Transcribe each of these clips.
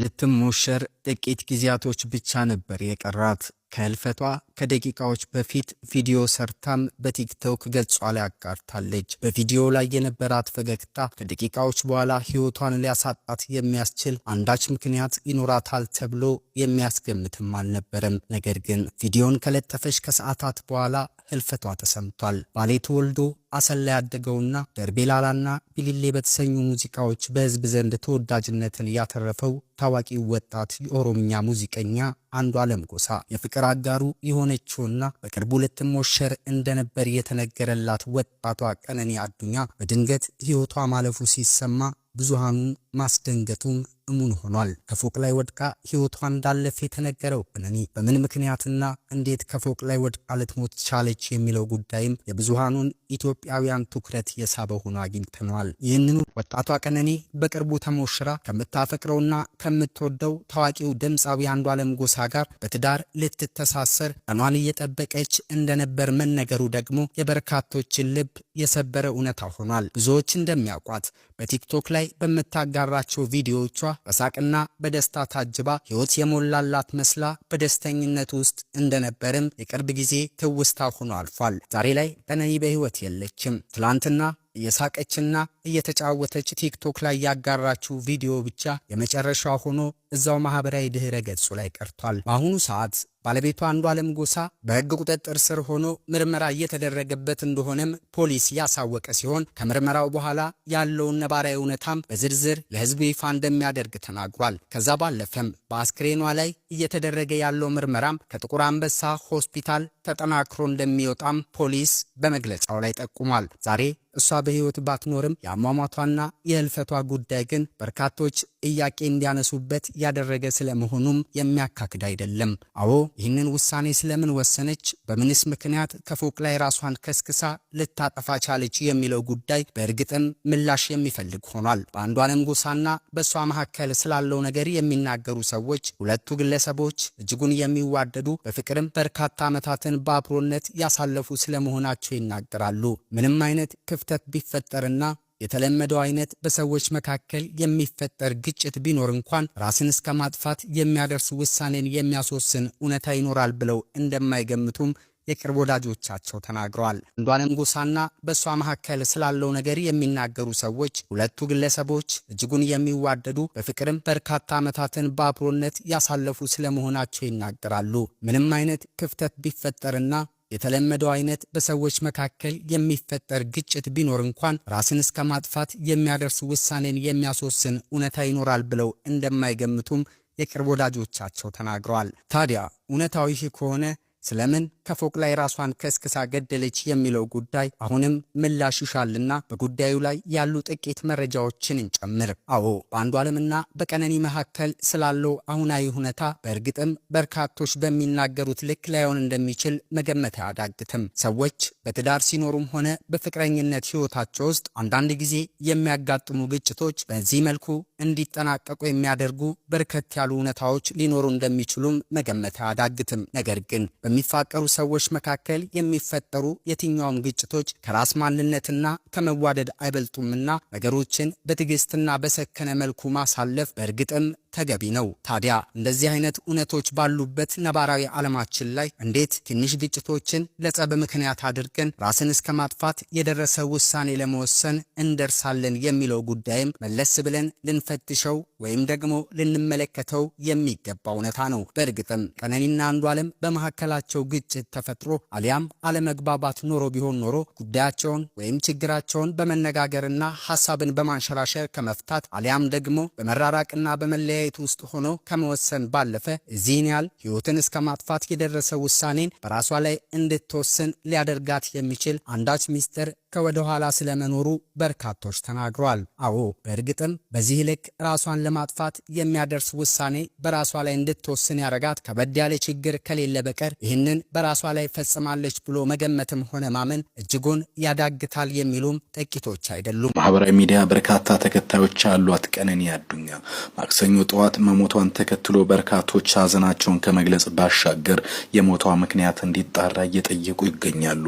ልትሞሸር ጥቂት ጊዜያቶች ብቻ ነበር የቀራት። ከህልፈቷ ከደቂቃዎች በፊት ቪዲዮ ሰርታም በቲክቶክ ገጿ ላይ አጋርታለች። በቪዲዮ ላይ የነበራት ፈገግታ ከደቂቃዎች በኋላ ህይወቷን ሊያሳጣት የሚያስችል አንዳች ምክንያት ይኖራታል ተብሎ የሚያስገምትም አልነበረም። ነገር ግን ቪዲዮን ከለጠፈች ከሰዓታት በኋላ ህልፈቷ ተሰምቷል። ባሌ ተወልዶ አሰላ ያደገውና ደርቤላላና ቢሊሌ በተሰኙ ሙዚቃዎች በህዝብ ዘንድ ተወዳጅነትን ያተረፈው ታዋቂው ወጣት የኦሮምኛ ሙዚቀኛ አንዱ አለም ጎሳ የፍቅር አጋሩ የሆነችውና በቅርቡ ልትሞሸር እንደነበር የተነገረላት ወጣቷ ቀነኒ አዱኛ በድንገት ህይወቷ ማለፉ ሲሰማ ብዙሃኑን ማስደንገቱን እሙን ሆኗል። ከፎቅ ላይ ወድቃ ሕይወቷ እንዳለፈ የተነገረው ብነኒ በምን ምክንያትና እንዴት ከፎቅ ላይ ወድቃ ልትሞት ቻለች የሚለው ጉዳይም የብዙሃኑን ኢትዮጵያውያን ትኩረት የሳበ ሆኖ አግኝተነዋል። ይህንኑ ወጣቷ ቀነኒ በቅርቡ ተሞሽራ ከምታፈቅረውና ከምትወደው ታዋቂው ድምፃዊ አንዷለም ጎሳ ጋር በትዳር ልትተሳሰር ቀኗን እየጠበቀች እንደነበር መነገሩ ደግሞ የበርካቶችን ልብ የሰበረ እውነታ ሆኗል። ብዙዎች እንደሚያውቋት በቲክቶክ ላይ በምታጋራቸው ቪዲዮዎቿ በሳቅና በደስታ ታጅባ ሕይወት የሞላላት መስላ በደስተኝነት ውስጥ እንደነበርም የቅርብ ጊዜ ትውስታ ሆኖ አልፏል። ዛሬ ላይ በነይ በሕይወት የለችም። ትላንትና እየሳቀችና እየተጫወተች ቲክቶክ ላይ ያጋራችው ቪዲዮ ብቻ የመጨረሻ ሆኖ እዛው ማህበራዊ ድህረ ገጹ ላይ ቀርቷል። በአሁኑ ሰዓት ባለቤቷ አንዷለም ጎሳ በሕግ ቁጥጥር ስር ሆኖ ምርመራ እየተደረገበት እንደሆነም ፖሊስ ያሳወቀ ሲሆን ከምርመራው በኋላ ያለውን ነባራዊ እውነታም በዝርዝር ለሕዝቡ ይፋ እንደሚያደርግ ተናግሯል። ከዛ ባለፈም በአስክሬኗ ላይ እየተደረገ ያለው ምርመራም ከጥቁር አንበሳ ሆስፒታል ተጠናክሮ እንደሚወጣም ፖሊስ በመግለጫው ላይ ጠቁሟል። ዛሬ እሷ በህይወት ባትኖርም የአሟሟቷና የህልፈቷ ጉዳይ ግን በርካቶች ጥያቄ እንዲያነሱበት ያደረገ ስለመሆኑም የሚያካክድ አይደለም። አዎ ይህንን ውሳኔ ስለምን ወሰነች፣ በምንስ ምክንያት ከፎቅ ላይ ራሷን ከስክሳ ልታጠፋ ቻለች የሚለው ጉዳይ በእርግጥም ምላሽ የሚፈልግ ሆኗል። በአንዷለም ጎሳና በእሷ መካከል ስላለው ነገር የሚናገሩ ሰዎች ሁለቱ ግለሰቦች እጅጉን የሚዋደዱ በፍቅርም በርካታ ዓመታትን በአብሮነት ያሳለፉ ስለመሆናቸው ይናገራሉ። ምንም አይነት ክፍ ክፍተት ቢፈጠርና የተለመደው አይነት በሰዎች መካከል የሚፈጠር ግጭት ቢኖር እንኳን ራስን እስከ ማጥፋት የሚያደርስ ውሳኔን የሚያስወስን እውነታ ይኖራል ብለው እንደማይገምቱም የቅርብ ወዳጆቻቸው ተናግረዋል። አንዷለም ጎሳና በእሷ መካከል ስላለው ነገር የሚናገሩ ሰዎች ሁለቱ ግለሰቦች እጅጉን የሚዋደዱ በፍቅርም በርካታ ዓመታትን በአብሮነት ያሳለፉ ስለመሆናቸው ይናገራሉ። ምንም አይነት ክፍተት ቢፈጠርና የተለመደው አይነት በሰዎች መካከል የሚፈጠር ግጭት ቢኖር እንኳን ራስን እስከ ማጥፋት የሚያደርስ ውሳኔን የሚያስወስን እውነታ ይኖራል ብለው እንደማይገምቱም የቅርብ ወዳጆቻቸው ተናግረዋል። ታዲያ እውነታው ይህ ከሆነ ስለምን ከፎቅ ላይ ራሷን ከስክሳ ገደለች የሚለው ጉዳይ አሁንም ምላሽ ይሻልና በጉዳዩ ላይ ያሉ ጥቂት መረጃዎችን እንጨምር። አዎ ዓለምና በቀነኒ መካከል ስላለው አሁናዊ ሁኔታ በእርግጥም በርካቶች በሚናገሩት ልክ ላይሆን እንደሚችል መገመት አያዳግትም። ሰዎች በትዳር ሲኖሩም ሆነ በፍቅረኝነት ህይወታቸው ውስጥ አንዳንድ ጊዜ የሚያጋጥሙ ግጭቶች በዚህ መልኩ እንዲጠናቀቁ የሚያደርጉ በርከት ያሉ እውነታዎች ሊኖሩ እንደሚችሉም መገመት አያዳግትም። ነገር ግን በሚፋቀሩ ሰዎች መካከል የሚፈጠሩ የትኛውም ግጭቶች ከራስ ማንነትና ከመዋደድ አይበልጡምና ነገሮችን በትዕግስትና በሰከነ መልኩ ማሳለፍ በእርግጥም ተገቢ ነው። ታዲያ እንደዚህ አይነት እውነቶች ባሉበት ነባራዊ ዓለማችን ላይ እንዴት ትንሽ ግጭቶችን ለጸብ ምክንያት አድርገን ራስን እስከ ማጥፋት የደረሰ ውሳኔ ለመወሰን እንደርሳለን የሚለው ጉዳይም መለስ ብለን ልንፈትሸው ወይም ደግሞ ልንመለከተው የሚገባ እውነታ ነው። በእርግጥም ቀነኒና አንዷለም በመካከላቸው ግጭት ተፈጥሮ አሊያም አለመግባባት ኖሮ ቢሆን ኖሮ ጉዳያቸውን ወይም ችግራቸውን በመነጋገርና ሀሳብን በማንሸራሸር ከመፍታት አሊያም ደግሞ በመራራቅና በመለያ ቤት ውስጥ ሆኖ ከመወሰን ባለፈ እዚህን ያህል ሕይወትን እስከ ማጥፋት የደረሰ ውሳኔን በራሷ ላይ እንድትወስን ሊያደርጋት የሚችል አንዳች ሚስጥር ከወደ ኋላ ስለመኖሩ በርካቶች ተናግረዋል። አዎ በእርግጥም በዚህ ልክ ራሷን ለማጥፋት የሚያደርስ ውሳኔ በራሷ ላይ እንድትወስን ያረጋት ከበድ ያለ ችግር ከሌለ በቀር ይህንን በራሷ ላይ ፈጽማለች ብሎ መገመትም ሆነ ማመን እጅጉን ያዳግታል የሚሉም ጥቂቶች አይደሉም። ማህበራዊ ሚዲያ በርካታ ተከታዮች ያሏት ቀነኒ አዱኛ ማክሰኞ ጠዋት መሞቷን ተከትሎ በርካቶች ሀዘናቸውን ከመግለጽ ባሻገር የሞቷ ምክንያት እንዲጣራ እየጠየቁ ይገኛሉ።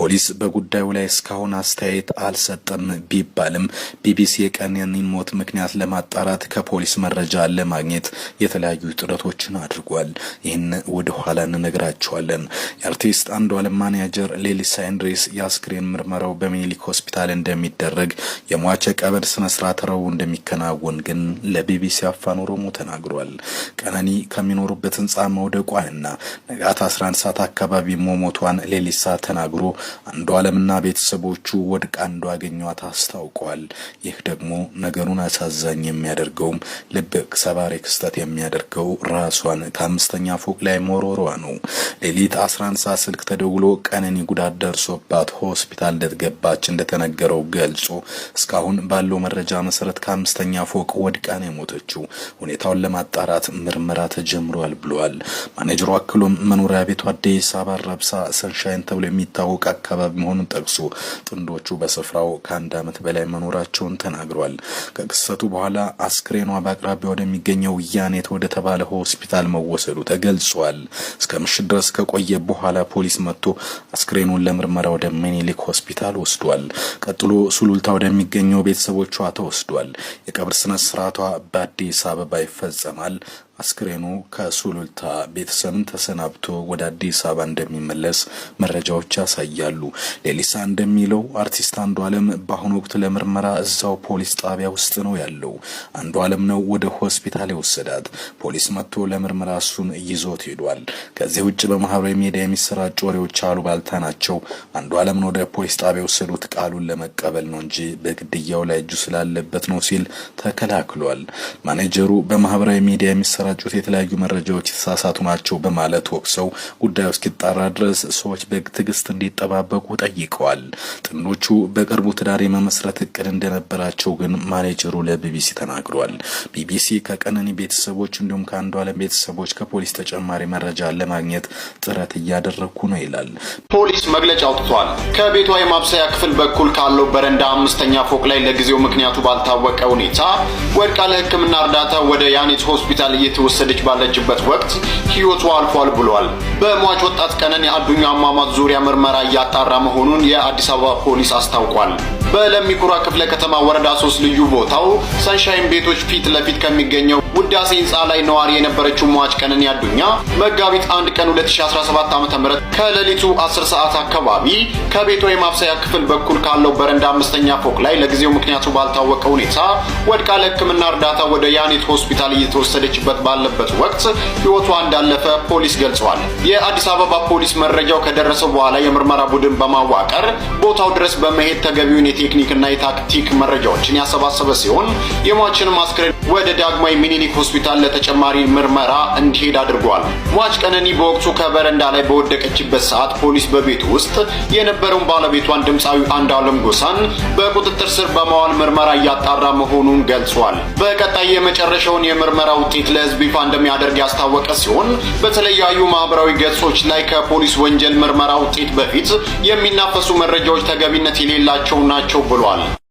ፖሊስ በጉዳዩ ላይ እስካሁን የሚለውን አስተያየት አልሰጠም ቢባልም ቢቢሲ የቀነኒን ሞት ምክንያት ለማጣራት ከፖሊስ መረጃ ለማግኘት የተለያዩ ጥረቶችን አድርጓል። ይህን ወደ ኋላ እንነግራቸዋለን። የአርቲስት አንዷለም ማናጀር ሌሊሳ ኤንድሬስ የአስክሬን ምርመራው በሚኒሊክ ሆስፒታል እንደሚደረግ የሟቸ ቀብር ስነስርዓት ረቡዕ እንደሚከናወን ግን ለቢቢሲ አፋን ኦሮሞ ተናግሯል። ቀነኒ ከሚኖሩበት ህንፃ መውደቋንና ንጋት 11 ሰዓት አካባቢ መሞቷን ሌሊሳ ተናግሮ አንዷለምና ቤተሰቦ ቤተሰቦቹ ወድቃ እንዳገኟት አስታውቀዋል። ይህ ደግሞ ነገሩን አሳዛኝ የሚያደርገውም ልብ ሰባሪ ክስተት የሚያደርገው ራሷን ከአምስተኛ ፎቅ ላይ መወርወሯ ነው። ሌሊት 11 ሰዓት ስልክ ተደውሎ ቀነኒ ጉዳት ደርሶባት ሆስፒታል እንደተገባች እንደተነገረው ገልጾ እስካሁን ባለው መረጃ መሰረት ከአምስተኛ ፎቅ ወድቃ ነው የሞተችው። ሁኔታውን ለማጣራት ምርመራ ተጀምሯል ብሏል ማኔጀሩ አክሎም መኖሪያ ቤቷ አዲስ አበባ ረብሳ ሰንሻይን ተብሎ የሚታወቅ አካባቢ መሆኑን ጠቅሶ ጥንዶቹ በስፍራው ከአንድ ዓመት በላይ መኖራቸውን ተናግሯል። ከክስተቱ በኋላ አስክሬኗ በአቅራቢያ ወደሚገኘው ያኔት ወደ ተባለ ሆስፒታል መወሰዱ ተገልጿል። እስከ ምሽት ድረስ ከቆየ በኋላ ፖሊስ መጥቶ አስክሬኑን ለምርመራ ወደ ሚኒሊክ ሆስፒታል ወስዷል። ቀጥሎ ሱሉልታ ወደሚገኘው ቤተሰቦቿ ተወስዷል። የቀብር ስነ ስርዓቷ በአዲስ አበባ ይፈጸማል። አስክሬኑ ከሱሉልታ ቤተሰብን ተሰናብቶ ወደ አዲስ አበባ እንደሚመለስ መረጃዎች ያሳያሉ። ሌሊሳ እንደሚለው አርቲስት አንዱ አለም በአሁኑ ወቅት ለምርመራ እዛው ፖሊስ ጣቢያ ውስጥ ነው ያለው። አንዱ አለም ነው ወደ ሆስፒታል የወሰዳት። ፖሊስ መጥቶ ለምርመራ እሱን ይዞት ሄዷል። ከዚህ ውጭ በማህበራዊ ሚዲያ የሚሰራጩ ወሬዎች አሉባልታ ናቸው። አንዱ አለምን ወደ ፖሊስ ጣቢያ የወሰዱት ቃሉን ለመቀበል ነው እንጂ በግድያው ላይ እጁ ስላለበት ነው ሲል ተከላክሏል። ማኔጀሩ በማህበራዊ ሚዲያ የሚሰራ የሚሰራጩት የተለያዩ መረጃዎች የተሳሳቱ ናቸው በማለት ወቅሰው ጉዳዩ እስኪጣራ ድረስ ሰዎች ትግስት እንዲጠባበቁ ጠይቀዋል። ጥንዶቹ በቅርቡ ትዳር የመመስረት እቅድ እንደነበራቸው ግን ማኔጀሩ ለቢቢሲ ተናግሯል። ቢቢሲ ከቀነኒ ቤተሰቦች እንዲሁም ከአንዱ አለም ቤተሰቦች ከፖሊስ ተጨማሪ መረጃ ለማግኘት ጥረት እያደረግኩ ነው ይላል። ፖሊስ መግለጫ አውጥቷል። ከቤቷ የማብሰያ ክፍል በኩል ካለው በረንዳ አምስተኛ ፎቅ ላይ ለጊዜው ምክንያቱ ባልታወቀ ሁኔታ ወድቃ ለሕክምና እርዳታ ወደ ያኔት ሆስፒታል እየተ እየተወሰደች ባለችበት ወቅት ህይወቱ አልፏል ብሏል። በሟች ወጣት ቀነኒ አዱኛ አሟሟት ዙሪያ ምርመራ እያጣራ መሆኑን የአዲስ አበባ ፖሊስ አስታውቋል። በለሚኩራ ክፍለ ከተማ ወረዳ ሶስት ልዩ ቦታው ሰንሻይን ቤቶች ፊት ለፊት ከሚገኘው ውዳሴ ህንፃ ላይ ነዋሪ የነበረችው ሟች ቀነኒ አዱኛ መጋቢት አንድ ቀን 2017 ዓ.ም ከሌሊቱ 10 ሰዓት አካባቢ ከቤቷ የማብሰያ ክፍል በኩል ካለው በረንዳ አምስተኛ ፎቅ ላይ ለጊዜው ምክንያቱ ባልታወቀ ሁኔታ ወድቃ ለሕክምና እርዳታ ወደ ያኔት ሆስፒታል እየተወሰደችበት ባለበት ወቅት ህይወቷ እንዳለፈ ፖሊስ ገልጿል። የአዲስ አበባ ፖሊስ መረጃው ከደረሰው በኋላ የምርመራ ቡድን በማዋቀር ቦታው ድረስ በመሄድ ተገቢውን የቴክኒክና የታክቲክ መረጃዎችን ያሰባሰበ ሲሆን የሟችን አስክሬን ወደ ዳግማዊ ሚኒሊክ ሆስፒታል ለተጨማሪ ምርመራ እንዲሄድ አድርጓል። ሟች ቀነኒ በወቅቱ ከበረንዳ ላይ በወደቀችበት ሰዓት ፖሊስ በቤቱ ውስጥ የነበረውን ባለቤቷን ድምፃዊ አንድ አለም ጎሳን በቁጥጥር ስር በማዋል ምርመራ እያጣራ መሆኑን ገልጿል። በቀጣይ የመጨረሻውን የምርመራ ውጤት ለህዝብ ይፋ እንደሚያደርግ ያስታወቀ ሲሆን በተለያዩ ማህበራዊ ገጾች ላይ ከፖሊስ ወንጀል ምርመራ ውጤት በፊት የሚናፈሱ መረጃዎች ተገቢነት የሌላቸው ናቸው ናቸው ብሏል።